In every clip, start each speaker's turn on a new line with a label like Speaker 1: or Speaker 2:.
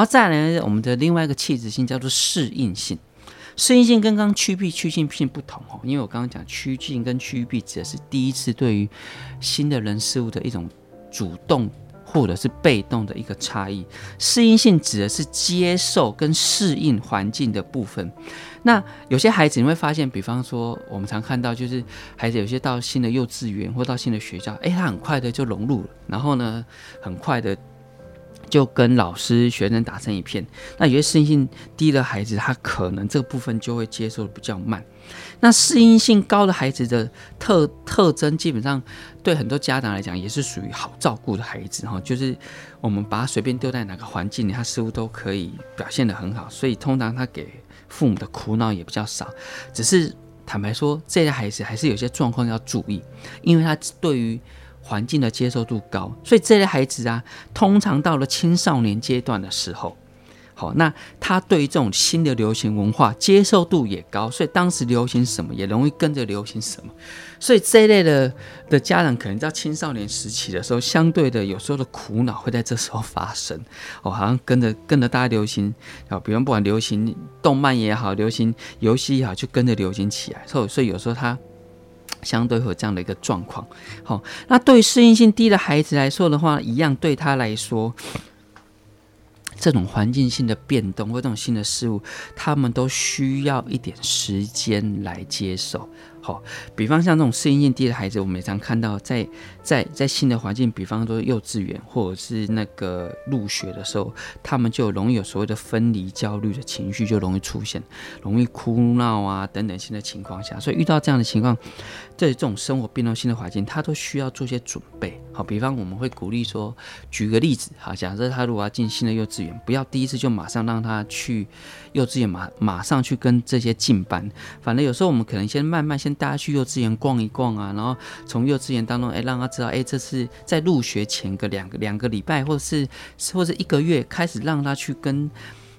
Speaker 1: 然後再來呢，我們的另外一個氣質性叫做適應性。適應性跟剛剛趨避、趨近性不同哦，因為我剛剛講趨近跟趨避指的是第一次對於新的人事物的一種主動或者是被動的一個差異。適應性指的是接受跟適應環境的部分。那有些孩子你會發現，比方說我們常看到就是孩子有些到新的幼稚園或到新的學校，哎，他很快的就融入了，然後呢，很快的。就跟老師、學生打成一片。那有些適應性低的孩子，他可能這部分就會接受得比較慢。那適應性高的孩子的特特徵，基本上對很多家長來講也是屬於好照顧的孩子哈，就是我們把他隨便丟在哪個環境裡，他似乎都可以表現得很好。所以通常他給父母的苦惱也比較少。只是坦白說，這些孩子還是有些狀況要注意，因為他對於。環境的接受度高，所以這類孩子啊，通常到了青少年階段的時候，好，那他對於這種新的流行文化接受度也高，所以當時流行什麼也容易跟着流行什麼，所以這類的的家長可能在青少年時期的時候，相對的有時候的苦惱會在這時候發生，哦，好像跟着跟着大家流行，啊，比方不管流行動漫也好，流行遊戲也好，就跟着流行起來，所以所以有時候他。相對會有這樣的一個狀況，好、哦，那對於適應性低的孩子來說的話，一樣對他來說，這種環境性的變動或這種新的事物，他們都需要一點時間來接受。好、哦，比方像這種適應性低的孩子，我們也常看到在在在新的環境，比方說幼稚園或者是那個入學的時候，他們就容易有所謂的分離焦慮的情緒就容易出現，容易哭鬧啊等等新的情況下，所以遇到這樣的情況。在這種生活變動性的環境，他都需要做些準備。好，比方我們會鼓勵說，舉個例子哈，假設他如果要進新的幼稚園，不要第一次就馬上讓他去幼稚園馬馬上去跟這些進班。反正有時候我們可能先慢慢先帶他去幼稚園逛一逛啊，然後從幼稚園當中誒、欸，讓他知道，哎、欸，這是在入學前個兩個兩個禮拜或者是或者一個月開始讓他去跟。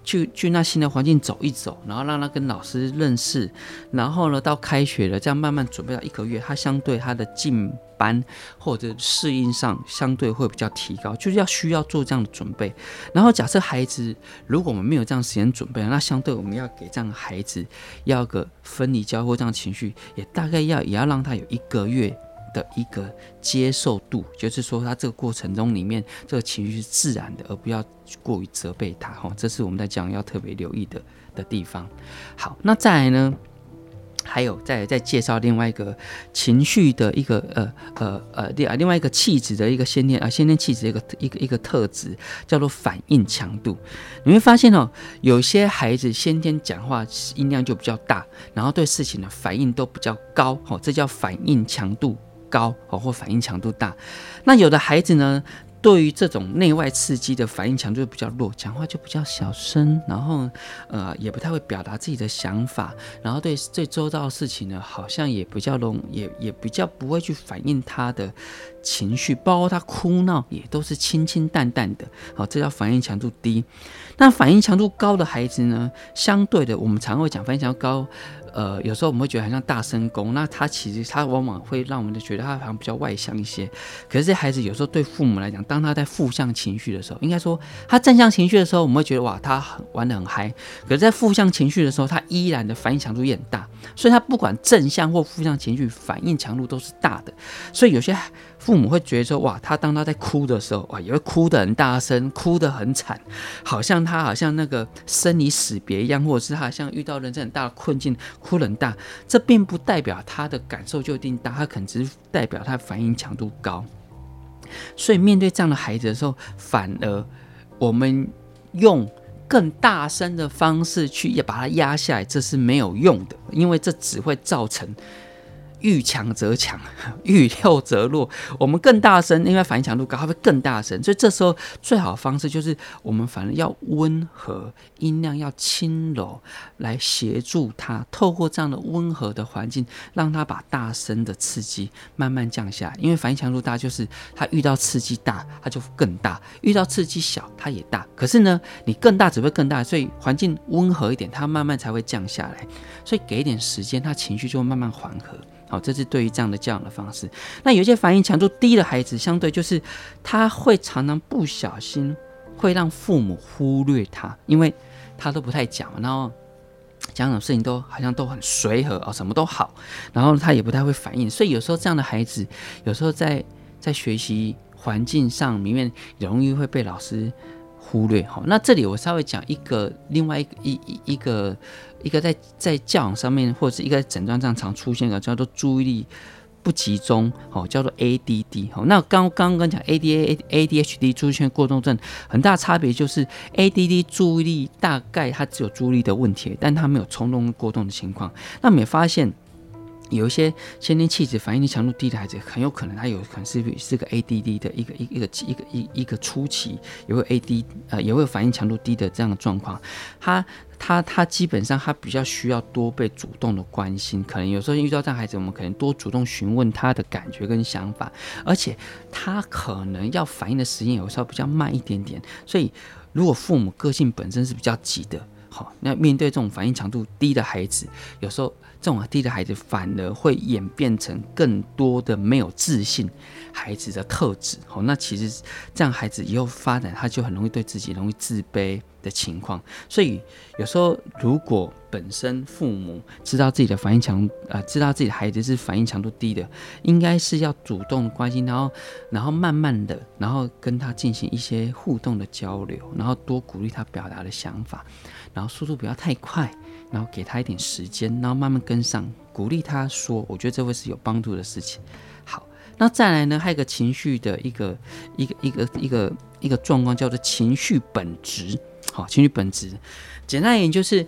Speaker 1: 去去那新的環境走一走，然後讓他跟老師認識，然後呢，到開學了，這樣慢慢準備到一個月，他相對他的進班或者適應上相對會比較提高，就是要需要做這樣的準備。然後假設孩子如果我們沒有這樣的時間準備，那相對我們要給這樣的孩子要個分離焦慮這樣情緒，也大概要也要讓他有一個月。的一個接受度，就是說他這個過程中裡面這個情緒是自然的，而不要過於責備他哈。這是我們在講要特別留意的的地方。好，那再來呢？還有再來再介紹另外一個情緒的一個呃呃呃，另外一個氣質的一個先天啊，先天氣質的一個一個一個特質叫做反應強度。你會發現哦，有些孩子先天講話音量就比較大，然後對事情的反應都比較高，好，這叫反應強度。高哦，或反應強度大。那有的孩子呢，對於這種內外刺激的反應強度比較弱，講話就比較小聲，然後呃，也不太會表達自己的想法，然後對最周遭的事情呢，好像也比較容也也比較不會去反映他的情緒，包括他哭鬧也都是清清淡淡的。好，哦，這叫反應強度低。那反應強度高的孩子呢，相對的，我們常會講反應強度高。呃，有時候我們會覺得很像大聲公，那他其實他往往會讓我們就覺得他好像比較外向一些。可是這孩子有時候對父母來講，當他在負向情緒的時候，應該說他正向情緒的時候，我們會覺得哇，他很玩得很嗨。可是在負向情緒的時候，他依然的反應強度也很大，所以他不管正向或負向情緒，反應強度都是大的。所以有些。父母會覺得說：“哇，他當他在哭的時候，哇，也會哭得很大聲，哭得很慘，好像他好像那個生離死別一樣，或者是他好像遇到人生很大的困境，哭得很大。這並不代表他的感受就一定大，他可能只是代表他的反應強度高。所以面對這樣的孩子的時候，反而我們用更大聲的方式去要把他壓下來，這是沒有用的，因為這只會造成。”遇強則強，遇弱則弱。我們更大聲，因為反應強度高，它會更大聲。所以這時候最好的方式就是，我們反而要溫和，音量要輕柔，來協助它透過這樣的溫和的環境，讓它把大聲的刺激慢慢降下來。因為反應強度大，就是它遇到刺激大，它就更大；遇到刺激小，它也大。可是呢，你更大只會更大，所以環境溫和一點，它慢慢才會降下來。所以給一點時間，它情緒就會慢慢緩和。好，這是對於這樣的教養的方式。那有些反應強度低的孩子，相對就是他會常常不小心會讓父母忽略他，因為他都不太講，然後講什麼事情都好像都很隨和啊，什麼都好，然後他也不太會反應。所以有時候這樣的孩子，有時候在在學習環境上，裡面容易會被老師忽略。好，那這裡我稍微講一個另外一個一一一個。一個在在教養上面，或者是一個診斷上常出現的叫做注意力不集中，吼、喔，叫做 ADD，吼、喔。那剛剛剛講 ADD，ADHD 出現過動症，很大的差別就是 ADD 注意力，大概它只有注意力的問題，但它沒有衝動過動的情況。那我們也發現。有一些先天氣質反應力強度低的孩子，很有可能他有可能是是個 ADD 的一個一個一個一個一個一個初期，也會 ADD，呃，也會有反應強度低的這樣的狀況。他他他基本上他比較需要多被主動的關心，可能有時候遇到這樣孩子，我們可能多主動詢問他的感覺跟想法，而且他可能要反應的時間有時候比較慢一點點，所以如果父母個性本身是比較急的，好，那面對這種反應強度低的孩子，有時候。這種低的孩子反而會演變成更多的沒有自信孩子的特質，那其實這樣孩子以後發展他就很容易對自己容易自卑的情況。所以有時候如果本身父母知道自己的反應強，呃，知道自己的孩子是反應強度低的，應該是要主動關心他，然後，然後慢慢的，然後跟他進行一些互動的交流，然後多鼓勵他表達的想法，然後速度不要太快。然後給他一點時間，然後慢慢跟上，鼓勵他說，我覺得這會是有幫助的事情。好，那再來呢？還有一個情緒的一個一個一個一個一個狀況叫做情緒本質。好，情緒本質，簡單一點就是，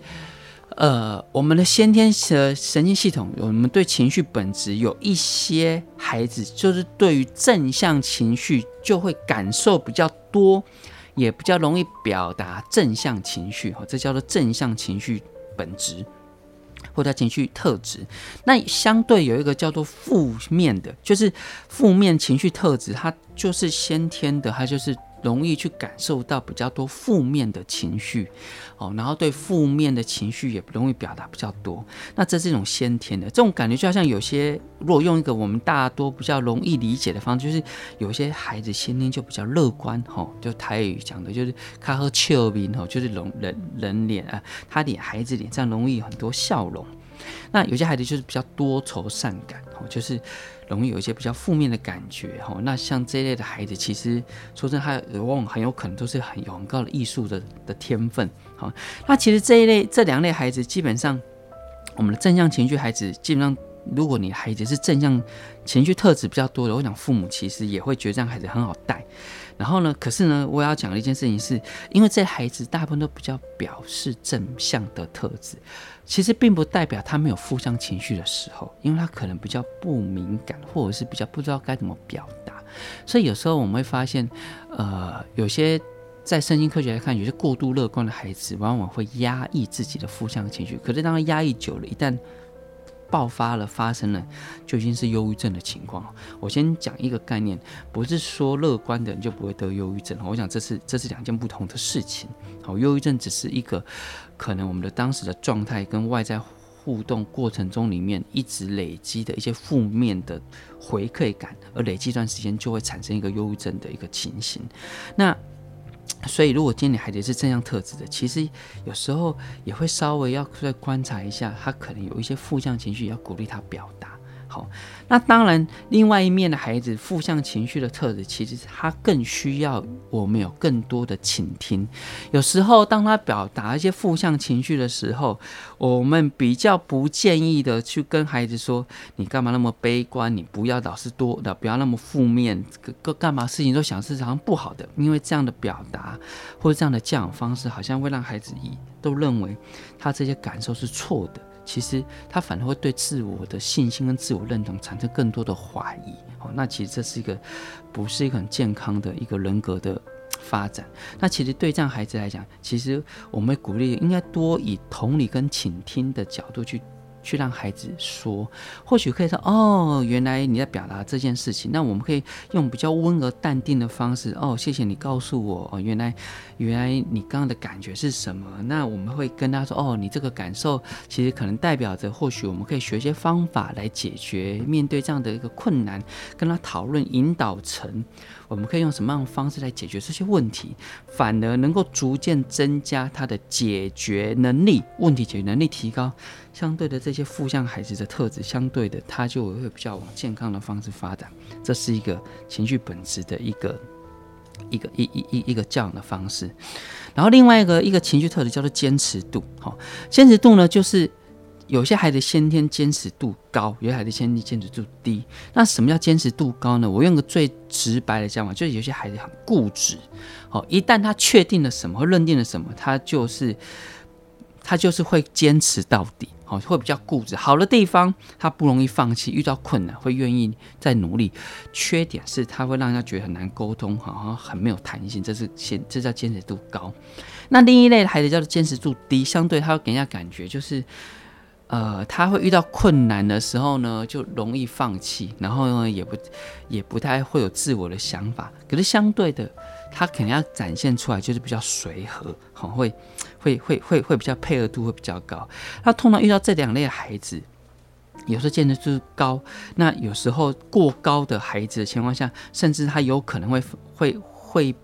Speaker 1: 呃，我們的先天的神經系統，我們對情緒本質有一些孩子，就是對於正向情緒就會感受比較多，也比較容易表達正向情緒。好，這叫做正向情緒。本質或者情緒特質，那相對有一個叫做負面的，就是負面情緒特質，它就是先天的，它就是。容易去感受到比較多負面的情緒，哦，然後對負面的情緒也不容易表達比較多。那這是一種先天的，這種感覺就好像有些，如果用一個我們大多比較容易理解的方式，就是有些孩子先天就比較樂觀，吼，就台語講的就是他好笑神吼，就是容人人臉啊，他的孩子臉上容易有很多笑容。那有些孩子就是比較多愁善感，哦，就是。容易有一些比較負面的感覺哈，那像這一類的孩子，其實說真，他往往很有可能都是很有很高的藝術的的天分哈。那其實這一類、這兩類孩子，基本上我們的正向情緒孩子，基本上如果你孩子是正向情緒特質比較多的，我想父母其實也會覺得這樣孩子很好帶。然後呢，可是呢，我要講的一件事情是，因為這孩子大部分都比較表示正向的特質，其實並不代表他沒有負向情緒的時候，因為他可能比較不敏感，或者是比較不知道該怎麼表達，所以有時候我們會發現，呃，有些在神經科學來看，有些過度樂觀的孩子往往會壓抑自己的負向情緒，可是當他壓抑久了，一旦爆發了，發生了就已經是憂鬱症的情況。我先講一個概念，不是說樂觀的人就不會得憂鬱症。我想這是，這是兩件不同的事情，好，憂鬱症只是一個可能我們的當時的狀態跟外在互動過程中裡面一直累積的一些負面的回饋感，而累積一段時間就會產生一個憂鬱症的一個情形。那所以，如果今天你孩子是正向特質的，其實有時候也會稍微要再觀察一下，他可能有一些負向情緒，要鼓勵他表達。那當然，另外一面的孩子負向情緒的特質，其實他更需要我們有更多的傾聽。有時候，當他表達一些負向情緒的時候，我們比較不建議的去跟孩子說：“你幹嘛那麼悲觀？你不要老是多的，不要那麼負面，各個幹嘛事情都想是好像不好的。”因為這樣的表達或者這樣的教養方式，好像會讓孩子以都認為他這些感受是錯的。其實他反而會對自我的信心跟自我認同產生更多的懷疑。哦，那其實這是一個不是一個很健康的一個人格的發展。那其實對這樣孩子來講，其實我們鼓勵應該多以同理跟傾聽的角度去。去讓孩子說，或許可以說哦，原來你在表達這件事情。那我們可以用比較溫和、淡定的方式哦，謝謝你告訴我哦，原來，原來你剛剛的感覺是什麼？那我們會跟他說哦，你這個感受其實可能代表着，或許我們可以學一些方法來解決面對這樣的一個困難，跟他討論、引導成。我們可以用什麼樣的方式來解決這些問題，反而能夠逐漸增加他的解決能力，問題解決能力提高，相對的這些負向孩子的特質，相對的他就會比較往健康的方式發展。這是一個情緒本質的一個一個一一一一個教養的方式。然後另外一個一個情緒特質叫做堅持度，齁，堅持度呢就是。有些孩子先天堅持度高，有些孩子先天堅持度低。那什麼叫堅持度高呢？我用個最直白的講法，就是有些孩子很固執。好，一旦他確定了什麼或認定了什麼，他就是他就是會堅持到底。好，會比較固執。好的地方，他不容易放棄，遇到困難會願意再努力。缺點是他會讓人家覺得很難溝通，好像很沒有彈性。這是先，這叫堅持度高。那另一類的孩子叫做堅持度低，相對他會給人家感覺就是。呃，他會遇到困難的時候呢，就容易放棄，然後呢，也不也不太會有自我的想法。可是相對的，他肯定要展現出來，就是比較隨和，很會會會會會比較配合度會比較高。那通常遇到這兩類的孩子，有時候見的就是高，那有時候過高的孩子的情況下，甚至他有可能會會會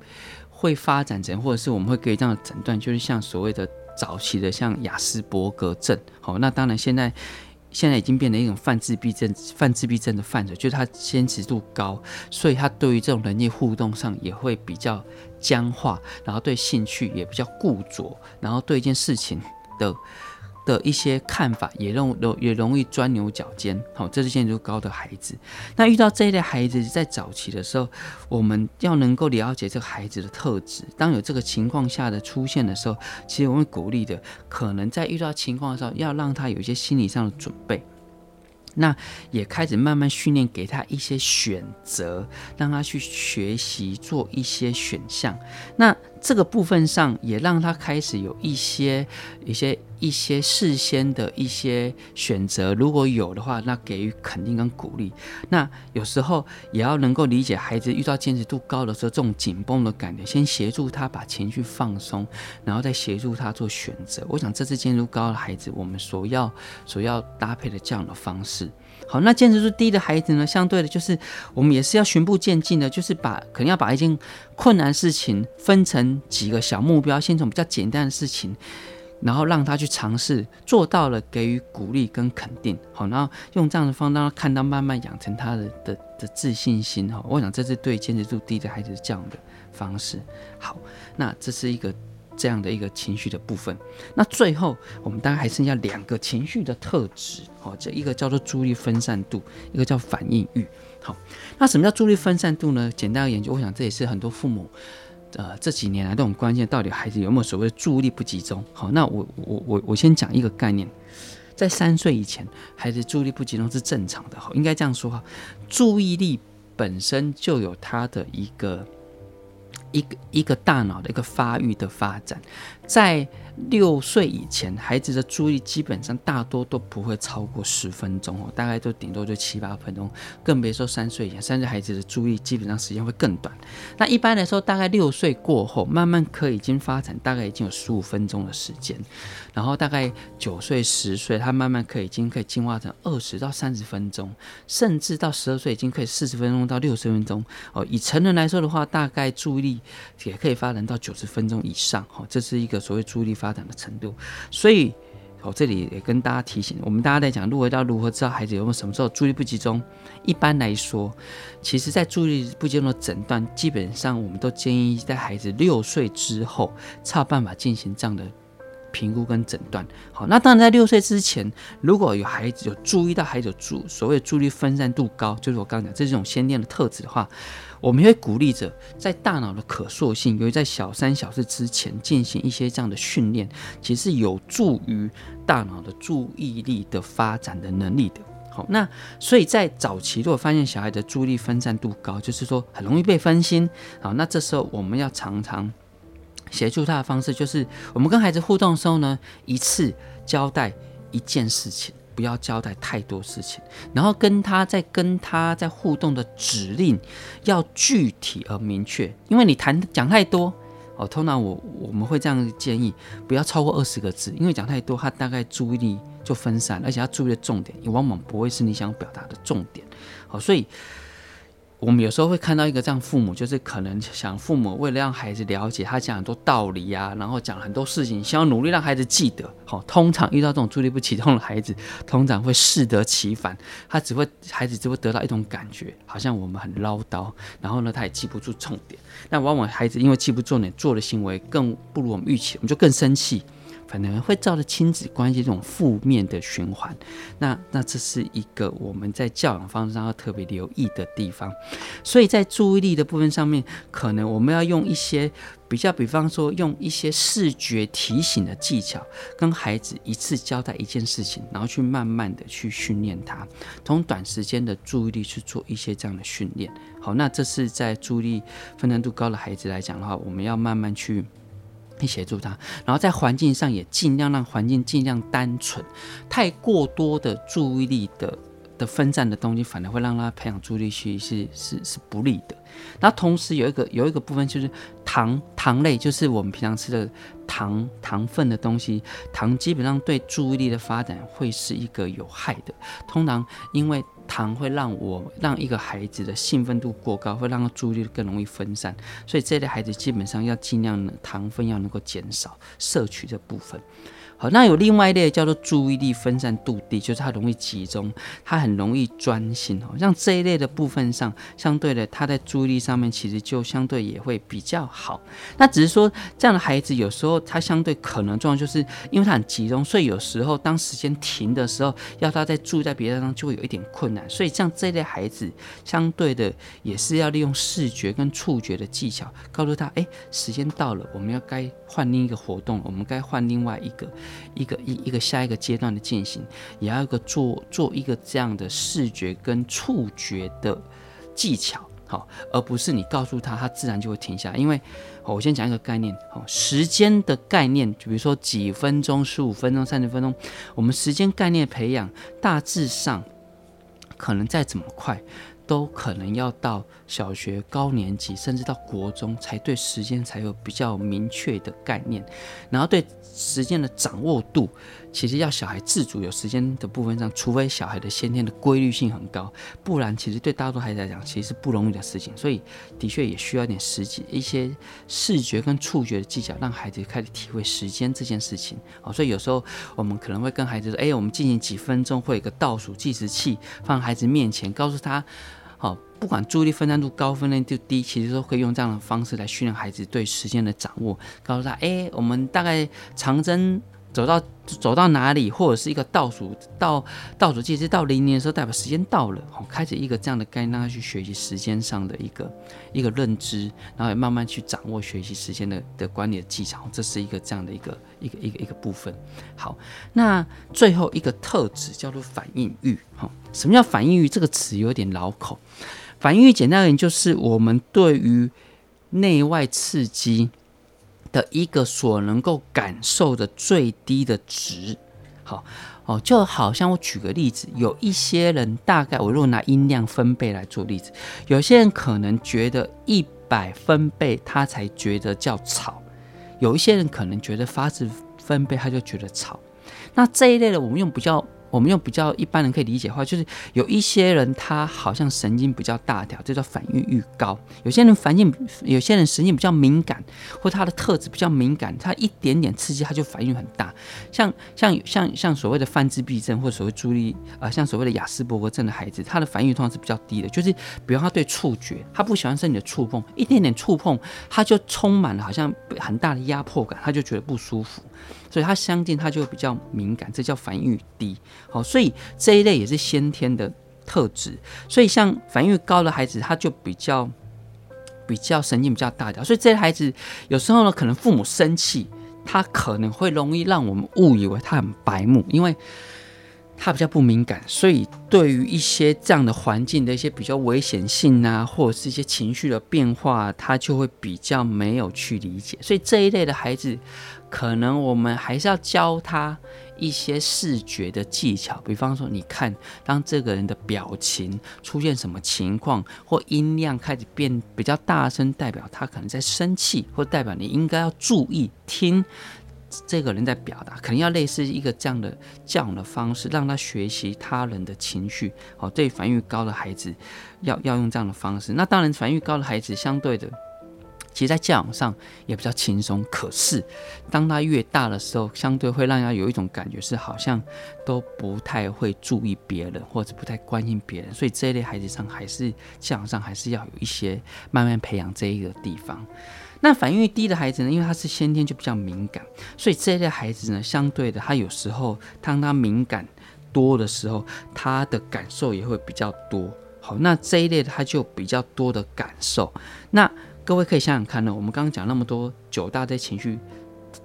Speaker 1: 會發展成，或者是我們會給予這樣的診斷，就是像所謂的。早期的像亞斯伯格症，好，那當然現在現在已經變成一種泛自閉症，泛自閉症的範疇，就是他堅持度高，所以他對於這種人際互動上也會比較僵化，然後對興趣也比較固着，然後對一件事情的。的一些看法也容容也容易鑽牛角尖，好、哦，這是堅持度高的孩子。那遇到這一類孩子，在早期的時候，我們要能夠了解這個孩子的特質。當有這個情況下的出現的時候，其實我們會鼓勵的，可能在遇到情況的時候，要讓他有一些心理上的準備。那也開始慢慢訓練，給他一些選擇，讓他去學習做一些選項。那這個部分上，也讓他開始有一些一些。一些事先的一些選擇，如果有的話，那給予肯定跟鼓勵。那有時候也要能夠理解孩子遇到堅持度高的時候，這種緊繃的感覺，先協助他把情緒放鬆，然後再協助他做選擇。我想這次堅持度高的孩子，我們所要所要搭配的這樣的方式。好，那堅持度低的孩子呢，相對的，就是我們也是要循序漸進的，就是把可能要把一件困難事情分成幾個小目標，先從比較簡單的事情，然後讓他去嘗試，做到了給予鼓勵跟肯定，好，然後用這樣的方式讓他看到，慢慢養成他的的的自信心，哈，我想這是對堅持度低的孩子這樣的方式。好，那這是一個這樣的一個情緒的部分。那最後我們當然還剩下兩個情緒的特質，好，這一個叫做注意力分散度，一個叫反應欲。好，那什麼叫注意力分散度呢？簡單而言，就我想這也是很多父母。呃，這幾年來都很關鍵，到底孩子有沒有所謂的注意力不集中？好，那我我我我先講一個概念，在三歲以前，孩子注意力不集中是正常的。好，應該這樣說哈，注意力本身就有它的一個一個一個大腦的一個發育的發展。在六歲以前，孩子的注意基本上大多都不會超過十分鐘哦，大概都頂多就七八分鐘，更別說三歲以前，三歲孩子的注意基本上時間會更短。那一般來說，大概六歲過後，慢慢可以已經發展，大概已經有十五分鐘的時間。然後大概九歲、十歲，他慢慢可以已經可以進化成二十到三十分鐘，甚至到十二歲已經可以四十分鐘到六十分鐘哦。以成人來說的話，大概注意力也可以發展到九十分鐘以上哦，這是一個。所謂注意力發展的程度，所以我、哦、這裡也，也跟大家提醒，我們大家來講，如何要如何知道孩子有沒有什麼時候注意力不集中。一般來說，其實在注意力不集中的診斷，基本上我們都建議在孩子六歲之後才有辦法進行這樣的。評估跟診斷，好，那當然在六歲之前，如果有孩子有注意到孩子注所謂注意力分散度高，就是我剛講這種先天的特質的話，我們會鼓勵着在大腦的可塑性，由於在小三小四之前進行一些這樣的訓練，其實有助於大腦的注意力的發展的能力的。好，那所以在早期如果發現小孩的注意力分散度高，就是說很容易被分心，好，那這時候我們要常常。協助他的方式就是，我們跟孩子互動的時候呢，一次交代一件事情，不要交代太多事情。然後跟他在跟他在互動的指令要具體而明確，因為你談講太多哦，通常我我們會這樣建議，不要超過二十個字，因為講太多，他大概注意力就分散，而且他注意的重點也往往不會是你想表達的重點。好、哦，所以。我們有時候會看到一個這樣父母，就是可能想父母為了讓孩子了解，他講很多道理啊，然後講很多事情，想要努力讓孩子記得。好、哦，通常遇到這種注意力不集中的孩子，通常會適得其反。他只會孩子只會得到一種感覺，好像我們很嘮叨，然後呢，他也記不住重點。那往往孩子因為記不住重點，做的行為更不如我們預期，我們就更生氣。可能會造成親子關係這種負面的循環，那那這是一個我們在教養方式上要特別留意的地方。所以在注意力的部分上面，可能我們要用一些比較，比方說用一些視覺提醒的技巧，跟孩子一次交代一件事情，然後去慢慢的去訓練他，從短時間的注意力去做一些這樣的訓練。好，那這是在注意力分散度高的孩子來講的話，我們要慢慢去。去協助他，然後在環境上也盡量讓環境盡量單純，太過多的注意力的的分散的東西，反而會讓他培養注意力是是是不利的。那同時有一個有一個部分就是糖糖類，就是我們平常吃的糖糖分的東西，糖基本上對注意力的發展會是一個有害的，通常因為，糖會讓我讓一個孩子的興奮度過高，會讓他注意力更容易分散，所以這類孩子基本上要盡量糖分要能夠減少攝取這部分。好，那有另外一類叫做注意力分散度低，就是他容易集中，他很容易專心哦。像這一類的部分上，相對的，他在注意力上面其實就相對也會比較好。那只是說，這樣的孩子有時候他相對可能狀況就是，因為他很集中，所以有時候當時間停的時候，要他在住在別的地方就會有一點困難。所以像這類孩子，相對的也是要利用視覺跟觸覺的技巧，告訴他，哎、欸，時間到了，我們要該換另一個活動，我們該換另外一個。一個一一個下一個階段的進行，也要一個做做一個這樣的視覺跟觸覺的技巧，好，而不是你告訴他，他自然就會停下。因為，我先講一個概念，好，時間的概念，就比如說幾分鐘、十五分鐘、三十分鐘，我們時間概念培養，大致上可能再怎麼快，都可能要到小學高年級，甚至到國中，才對時間才有比較明確的概念，然後對。時間的掌握度，其實要小孩自主有時間的部分上，除非小孩的先天的規律性很高，不然其實對大多孩子來講，其實是不容易的事情。所以，的確也需要一點時間，一些視覺跟觸覺的技巧，讓孩子開始體會時間這件事情。哦，所以有時候我們可能會跟孩子說：“哎，我們進行幾分鐘，會有一個倒數計時器放孩子面前，告訴他，好，哦。”不管注意力分散度高，分量就低，其實都可以用這樣的方式來訓練孩子對時間的掌握，告訴他，誒、欸，我們大概長針走到走到哪裡，或者是一個倒數到倒、倒數計時到零年的時候，代表時間到了，哦、開始一個這樣的概念讓他去學習時間上的一個一個認知，然後也慢慢去掌握學習時間的的管理的技巧，這是一個這樣的一個、一個一個一個一個部分。好，那最後一個特質叫做反應閾。哈、哦，什麼叫反應閾？這個詞有點拗口。反應閾簡單而言，就是我們對於內外刺激的一個所能夠感受的最低的值好好哦，就好像我舉個例子，有一些人，大概我如果拿音量分貝來做例子，有些人可能覺得一百分貝他才覺得叫吵，有一些人可能覺得八十分貝他就覺得吵。那這一類的，我們用比較。我們用比較一般人可以理解的話，就是有一些人他好像神經比較大條，這叫反應閾高；有些人反應，有些人神經比較敏感，或他的特質比較敏感，他一點點刺激他就反應很大。像像像像所謂的泛自閉症，或者所謂注意啊，像所謂的亞斯伯格症的孩子，他的反應通常是比較低的。就是比方他對觸覺，他不喜歡身體的觸碰，一點點觸碰他就充滿了好像很大的壓迫感，他就覺得不舒服。所以他相近，他就比較敏感，這叫反應閾低。好，所以這一類也是先天的特質。所以像反應閾高的孩子，他就比較比較神經比較大條。所以這些孩子有時候呢，可能父母生氣，他可能會容易讓我們誤以為他很白目，因為。他比較不敏感，所以對於一些這樣的環境的一些比較危險性啊，或者是一些情緒的變化，他就會比較沒有去理解。所以這一類的孩子，可能我們還是要教他一些視覺的技巧，比方說，你看，當這個人的表情出現什麼情況，或音量開始變比較大聲，代表他可能在生氣，或代表你應該要注意聽。這個人在表達，可能要類似一個這樣的教養的方式，讓他學習他人的情緒。好、哦，對，反應閾高的孩子，要要用這樣的方式。那當然，反應閾高的孩子相對的，其實在教養上也比較輕鬆。可是，當他越大的時候，相對會讓他有一種感覺是好像都不太會注意別人，或者不太關心別人。所以這一類孩子上，還是教養上還是要有一些慢慢培養這一個地方。那反應閾低的孩子呢？因為他是先天就比較敏感，所以這一類孩子呢，相對的，他有時候，當他，他敏感多的時候，他的感受也會比較多。好，那這一類他就比較多的感受。那各位可以想想看呢，我們剛剛講那麼多九大的情緒。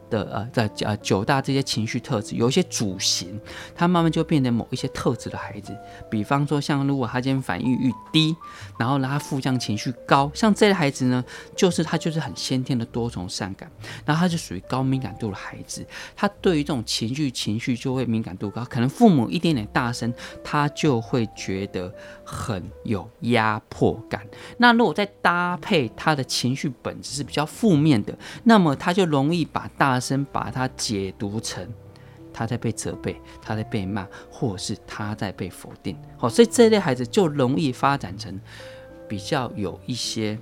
Speaker 1: 的呃在呃九大這些情緒特質，有一些主型，他慢慢就變得某一些特質的孩子。比方說，像如果他今天反應欲低，然後呢，他負向情緒高，像這類孩子呢，就是他就是很先天的多愁善感，然後他就屬於高敏感度的孩子，他對於這種情緒情緒就會敏感度高，可能父母一點點大聲，他就會覺得很有壓迫感。那如果再搭配他的情緒本質是比較負面的，那麼他就容易把大發生，把他解讀成他在被責備，他在被罵，或者是他在被否定。好，所以這類孩子就容易發展成比較有一些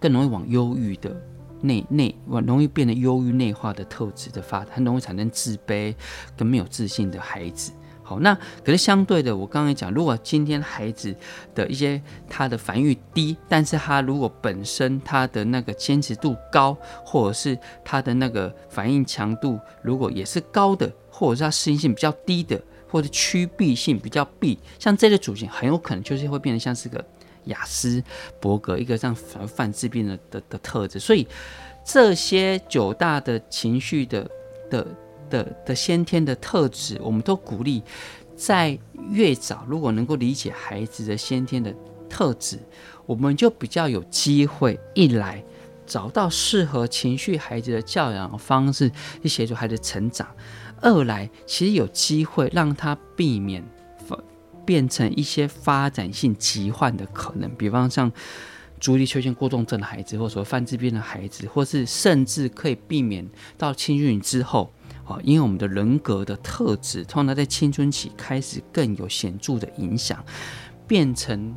Speaker 1: 更容易往憂鬱的內內，容易變得憂鬱內化的特質的發展，很容易產生自卑跟沒有自信的孩子。好，那可是相對的，我剛剛講，如果今天孩子的一些他的反應閾低，但是他如果本身他的那個堅持度高，或者是他的那個反應強度如果也是高的，或者是適應性比較低的，或者趨避性比較避，像這類組型很有可能就是會變得像是個亞斯伯格一個這樣泛自閉的的的特質，所以這些九大的情緒的的。的的的先天的特質，我們都鼓勵在越早，如果能夠理解孩子的先天的特質，我們就比較有機會一來找到適合情緒孩子的教養方式，去協助孩子成長；二來其實有機會讓他避免發變成一些發展性疾患的可能，比方像注意力缺陷過動症的孩子，或者說泛智病的孩子，或是甚至可以避免到青春期之後。好，因為我們的人格的特質，通常在青春期開始更有顯著的影響，變成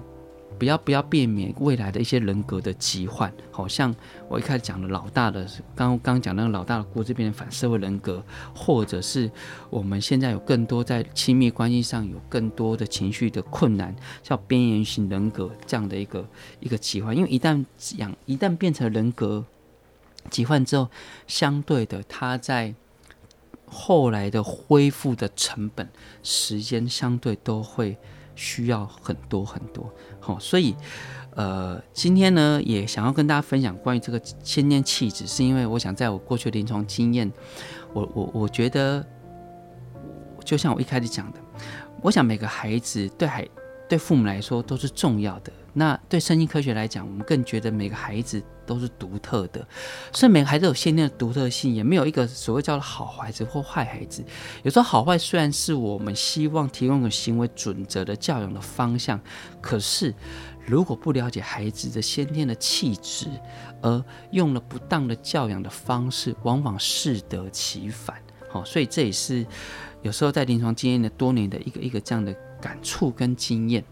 Speaker 1: 不要不要避免未來的一些人格的疾患，好像我一開始講的老大的，剛剛講那個老大的故事變成反社會人格，或者是我們現在有更多在親密關係上有更多的情緒的困難，叫邊緣型人格這樣的一個一個疾患，因為一旦養一旦變成人格疾患之後，相對的他在。後來的恢復的成本、時間相對都會需要很多很多。好、哦，所以，呃，今天呢也想要跟大家分享關於這個先天氣質，是因為我想在我過去的臨床經驗，我我我覺得，就像我一開始講的，我想每個孩子對孩對父母來說都是重要的。那對神經科學來講，我們更覺得每個孩子都是獨特的，所以每個孩子有先天的獨特性，也沒有一個所謂叫做好孩子或壞孩子。有時候好壞雖然是我們希望提供一種行為準則的教養的方向，可是如果不了解孩子的先天的氣質，而用了不當的教養的方式，往往適得其反。好，所以這也是有時候在臨床經驗的多年的一個一個這樣的感觸跟經驗。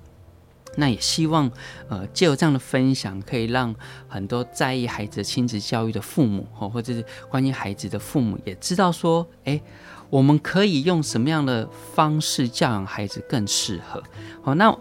Speaker 1: 那也希望，呃，借由這樣的分享，可以讓很多在意孩子親子教育的父母，或者是關心孩子的父母，也知道說，哎、欸，我們可以用什麼樣的方式教養孩子更適合。好，那。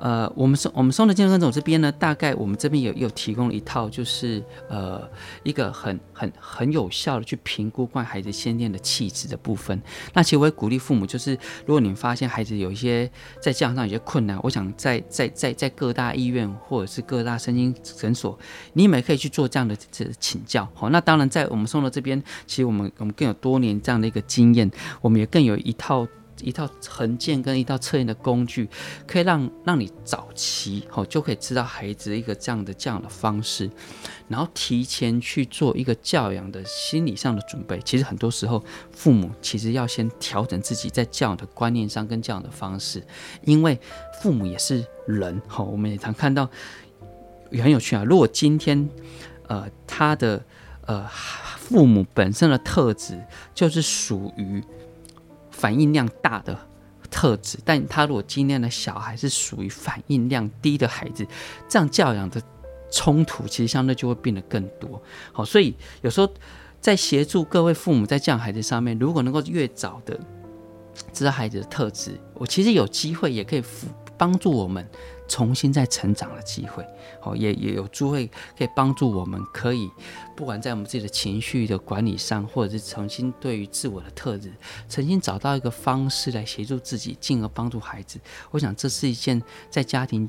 Speaker 1: 呃，我們松德，我們松德精神科總這邊呢，大概我們這邊有有提供一套，就是呃一個很很很有效的去評估怪孩子先天的氣質的部分。那其實我也鼓勵父母，就是如果你發現孩子有一些在教養上有些困難，我想在在在在各大醫院或者是各大身心診所，你們也可以去做這樣的、這樣的請教。好，那當然在我們松德這邊，其實我們我們更有多年這樣的一個經驗，我們也更有一套。一套衡鑑跟一套測驗的工具，可以讓讓你早期哦就可以知道孩子一個這樣的教養的方式，然後提前去做一個教養的心理上的準備。其實很多時候，父母其實要先調整自己在教養的觀念上跟教養的方式，因為父母也是人。好，我們也常看到也很有趣啊。如果今天呃他的呃父母本身的特質就是屬於。反應量大的特質，但他如果今天的小孩是屬於反應量低的孩子，這樣教養的衝突其實相對就會變得更多。好，所以有時候在協助各位父母在教養孩子上面，如果能夠越早的知道孩子的特質，我其實有機會也可以輔。幫助我們重新再成長的機會，好，也也有機會可以幫助我們，可以不管在我們自己的情緒的管理上，或者是重新對於自我的特質，重新找到一個方式來協助自己，進而幫助孩子。我想這是一件在家庭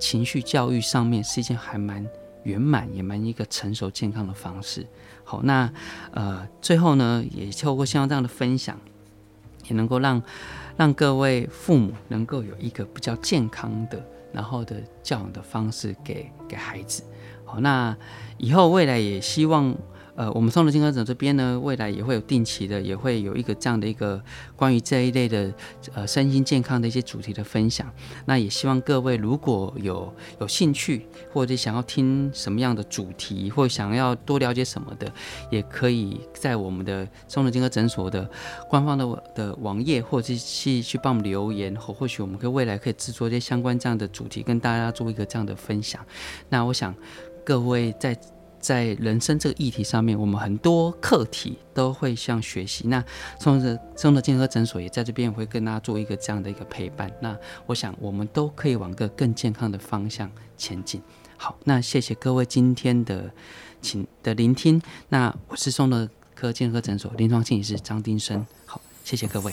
Speaker 1: 情緒教育上面是一件還蠻圓滿也蠻一個成熟健康的方式。好，那呃最後呢，也透過像這樣的分享，也能夠讓。讓各位父母能夠有一個比較健康的，然後的教養的方式給給孩子，好，那以後未來也希望，呃，我們松流金科診所這邊呢，未來也會有定期的，也會有一個這樣的一個關於這一類的呃身心健康的一些主題的分享。那也希望各位如果有有興趣，或者想要聽什麼樣的主題，或想要多了解什麼的，也可以在我們的松流金科診所的官方的的網頁，或者去去幫我們留言，或或許我們可以未來可以制作一些相關這樣的主題，跟大家做一個這樣的分享。那我想各位在。在人生這個議題上面，我們很多課題都會向學習。那松德松德健康診所也在這邊會跟大家做一個這樣的一個陪伴。那我想我們都可以往個更健康的方向前進。好，那謝謝各位今天的請的聆聽。那我是松德科健康診所臨床心理師張丁升。好，謝謝各位。